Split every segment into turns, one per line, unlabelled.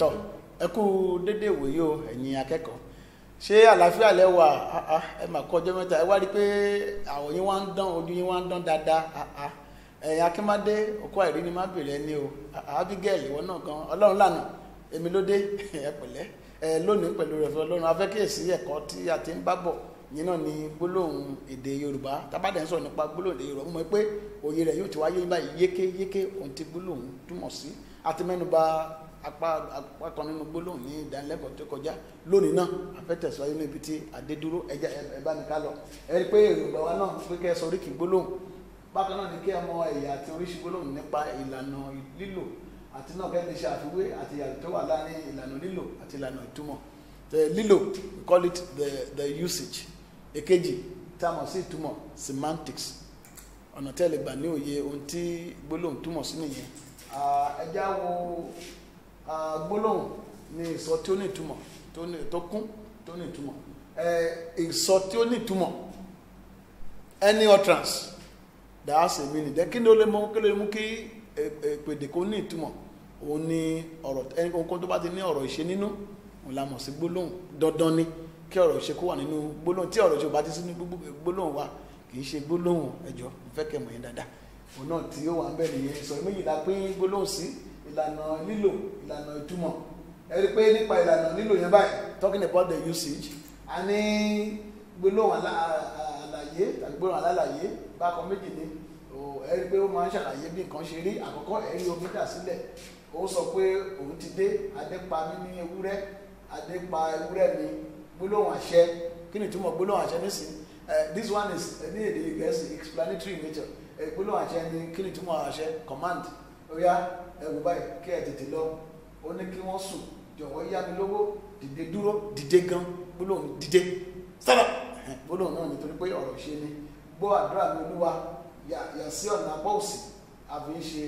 tọ́ ẹ kú dédé ìwòye o ẹ̀yin akẹ́kọ̀ọ́ ṣé àlàáfíà lẹ wà ẹ mà kọ ọjọ́ mẹ́ta ẹ wá rí i pé àwọ̀ yín wá ń dán ojú yín wá ń dán dáadáa ẹ̀yin akínmádé òkú àìrí ni má bèrè ẹni o abigail ìwọ náà gan ọlọ́run lànà èmi ló dé ẹ pẹ̀lẹ́ ẹ lónìí pẹ̀lú rẹ̀ fún ọlọ́run afẹ́kẹ̀sí ẹ̀kọ́ tí a ti ń bá bọ̀ yìí náà ni gbólóhùn èdè yorùbá tábàdàn sọ̀rọ̀ nípa gbólóhùn èdè yorùbá mọ̀ pé òye rẹ̀ yóò ti wáyé báyìí yékéyéké ohun tí gbólóhùn túmọ̀ sí àti mẹ́nuba apá apá kan nínú gbólóhùn ní ìdánilẹ́kọ̀ọ́ tó kọjá lónìí náà afẹ́tẹ̀síwájú níbi tí adédúró ẹja ẹ ní ká lọ ẹ rí i pé èròǹgbà wa náà pé kẹ́ ẹ sọ oríkì gbólóhùn bákan náà ni kí ẹ mọ ẹ̀yà àti oríṣi gbólóhùn nípa ìlànà lílò àti náà kẹ́ ẹ lè ṣe àfiwé àti ìyàtọ̀ tó wà láàrin ìlànà lílò àti ìlànà ìtumọ̀ the lílò we call it the the usage èkejì tá a mọ̀ sí semantics ọ̀nà tẹ́lẹ̀ gbà ní òye ohun tí gbólóhùn túmọ̀ sí nìyẹn ẹja wo gbólóhùn ni ìsọ tí ó ní ìtumọ̀ tó kún tó ní ìtumọ̀ ìsọ tí ó ní ìtumọ̀ any utterance that has a meaning then kí ló lè mú kí ló lè mú kí èpèdè e, e, ní ìtumọ̀ òun ni ọ̀rọ̀ ẹni kan tó bá ti ní ọ̀rọ̀ ìṣe nínú òun la mọ̀ sí gbólóhùn dandan ni kí ọ̀rọ̀ ìṣe kó wà nínú gbólóhùn tí ọ̀rọ̀ ìṣe bá ti sínú gbólóhùn wa kì í ṣe gbólóhùn ẹjọ́ ìfẹ́kẹ̀mọ̀ yẹn dáadáa òun náà tí ó wà ń bẹ̀ nìyẹn sọ ìlànà lílò ìlànà ìtumọ̀ ẹ pé nípa ìlànà lílò yẹn báyìí talking about the usage a ní gbólóhùn àlàyé tàbí gbólóhùn alálàyé bákan méjì ni ẹ i pé ó máa ń ṣàlàyé bí nǹkan ṣe rí àkọ́kọ́ ẹ rí omi dà sílẹ̀ ó sọ pé òun ti dé adé pa mí ní ewúrẹ́ adé pa ewúrẹ́ mi gbólóhùn àṣẹ kí ni ìtumọ̀ gbólóhùn àṣẹ nísìnyí this one is ní èdè Gẹ̀ẹ́sì explanatory nature gbólóhùn àṣẹ ni kí ni ìtumọ̀ àṣẹ command ọ̀yá ẹ̀rù báyìí kí ẹ tètè lọ ó ní kí wọ́n sùn jọ̀wọ́ yá mi lówó dìde dúró dìde gan gbólóhùn dìde sábà gbólóhùn náà nítorí pé ọ̀rọ̀ ṣe ni gbọ́ àdúrà mi olúwa yà sí ọ̀nà apá òsì àfi ń ṣe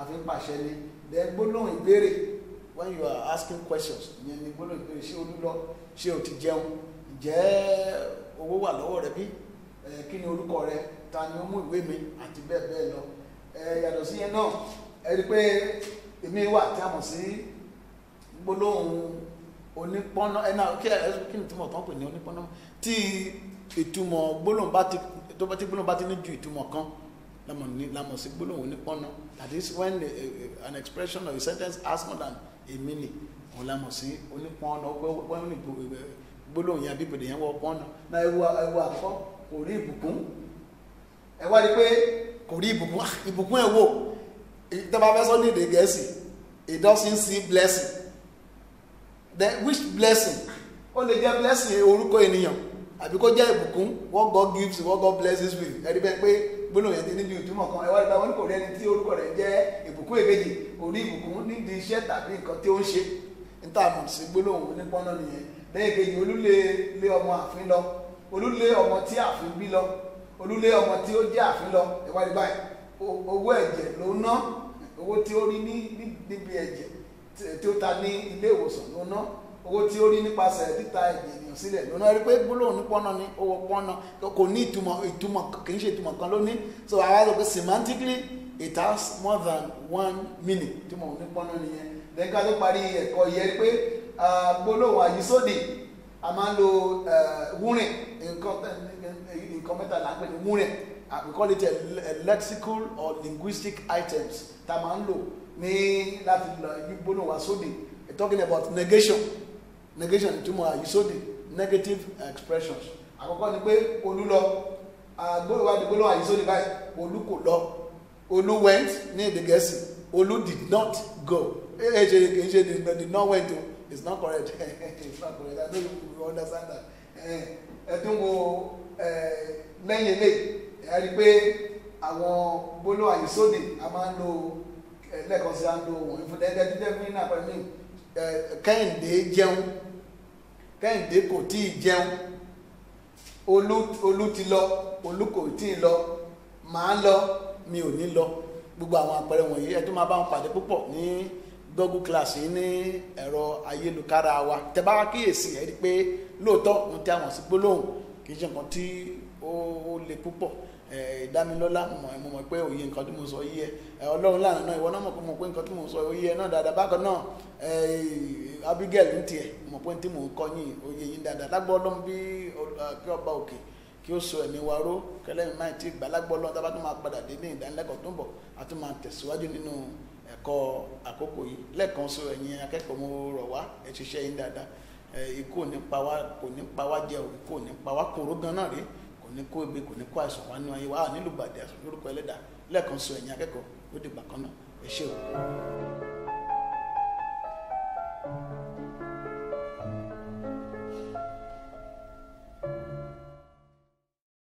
àfi ń pàṣẹ ni then gbólóhùn ìbéèrè when you are asking questions ìyẹn ni gbólóhùn ìbéèrè ṣé olú lọ ṣé o ti jẹun ǹjẹ́ owó wà lọ́wọ́ rẹ bí kí ni orúkọ rẹ ta ni ó mú ìwé mi àti bẹ́ẹ̀ bẹ́ẹ̀ lọ yàtọ̀ sí yẹn náà ẹni pé èmi wà tí a mọ̀ sí gbólóhùn onípọ́nà ẹ̀nà kí ni ìtumọ̀ kan pè ní onípọ́nà tí ìtumọ̀ gbólóhùn bá ti tó bá ti gbólóhùn bá ti ní ju ìtumọ̀ kan lámọ̀ sí gbólóhùn onípọ́nà that is when a, a, an expression or a sentence has more than a meaning òun lámọ̀ sí onípọ́nà wọ́n ní gbólóhùn yẹn àbíbèdè yẹn wọ pọ́nà náà ewu ewu àkọ́ kò rí ìbùkún ẹ wá rí pé kò rí ìbùkún ah, ìbùkún ẹ̀ wò. The fẹ́ sọ ní èdè gẹ̀ẹ́sì it doesn't see blessing then which blessing ó lè jẹ́ blessing orúkọ ènìyàn àbí kó jẹ́ ìbùkún what God gives what God blesses with ẹ̀rí bẹ́ẹ̀ pé gbóná yẹn ti níbi ìtumọ̀ kan ẹ̀wá ìgbà wọn kò rí ẹni tí orúkọ rẹ̀ jẹ́ ìbùkún èkejì orí ìbùkún níbi iṣẹ́ tàbí nǹkan tí ó ń ṣe níta mọ̀ sí gbóná òun ní pọ́nà nìyẹn lẹ́yìn kejì olúlé lé ọmọ àfin lọ olúlé ọmọ tí àfin bí lọ olúlé ọmọ tí ó jẹ́ àfin lọ ẹ̀wá ìgbà yẹn owó ẹ̀jẹ̀ ló ná owó tí ó rí níbi ẹ̀jẹ̀ tí ó ta ní ilé ìwòsàn ló ná owó tí ó rí nípasẹ̀ títa ẹ̀jẹ̀ ènìyàn sílẹ̀ ló ná rí pé gbólóhùn ní pọ́nà ní owó pọ́nà kò ní ìtumọ̀ ìtumọ̀ kì í ṣe ìtumọ̀ kan ló ní so àwa sọ pé semantically it has more than one meaning ìtumọ̀ ní pọ́nà nìyẹn lẹ́yìn ká tó parí ẹ̀kọ́ yẹn pé gbólóhùn àyísódì a máa ń lo wúrìn nǹkan mẹ́ta là ń pè ní wúrìn uh, we call it a, a lexical or linguistic items tá a máa ń lò ní láti lọ gbígbóná wá sóde talking about negation negation ìtumọ̀ àyísóde negative expressions àkọ́kọ́ ni pé olú lọ agbóhùnwádìí gbólóhùn àyísóde báyìí olú kò lọ olú went ni èdè gẹ̀ẹ́sì olú did not go ee ṣe kì ṣe did not went o it's not correct it's not correct i know you understand that ẹ ẹ tún wo lẹ́yìn eléyìí ẹ rí i pé àwọn gbólóhùn àyísódì a máa ń lo lẹ́ẹ̀kan sí à ń lo òun ìfúnni ẹgbẹ́ jíjẹ́ fún iná pẹ̀lú kẹ́hìndé jẹun kẹ́hìndé kò tí ì jẹun olú olú ti lọ olú kò tí ì lọ màá lọ mi ò ní lọ gbogbo àwọn àpẹẹrẹ wọ̀nyí ẹ tó máa bá wọn pàdé púpọ̀ ní google class yìí ní ẹ̀rọ ayélujára wa tẹ́ bá kíyèsí ẹ rí i pé lóòótọ́ ohun tí a mọ̀ sí gbólóhùn kì í ṣe nǹkan tí ó le púpọ̀ ìdámilọ́lá mọ̀ mọ̀ pé òye nǹkan tí mo sọ yí ẹ ọlọ́run lánàá náà ìwọ náà mọ̀ pé pé nǹkan tí mo sọ yí ẹ náà dáadáa bákan náà Abigail ń tiẹ̀ mọ̀ pé tí mo kọ́ òye dáadáa ọba òkè kí ó so ẹ̀mí wa ró kẹlẹ́yìn ti gbà a máa padà dé ní ìdánilẹ́kọ̀ọ́ tó ń bọ̀ a tún máa tẹ̀síwájú nínú ẹ̀kọ́ àkókò yìí lẹ́ẹ̀kan so akẹ́kọ̀ọ́ mo rọ̀ wá ẹ̀ ṣiṣẹ́ kò ní kó ebi kò ní kó àìsàn wá nínú ayé wa nílùú gbàdé àìsàn lórúkọ ẹlẹ́dàá lẹ́ẹ̀kan sọ ẹ̀yìn akẹ́kọ̀ọ́ ó dìgbà kan náà ẹ ṣé o.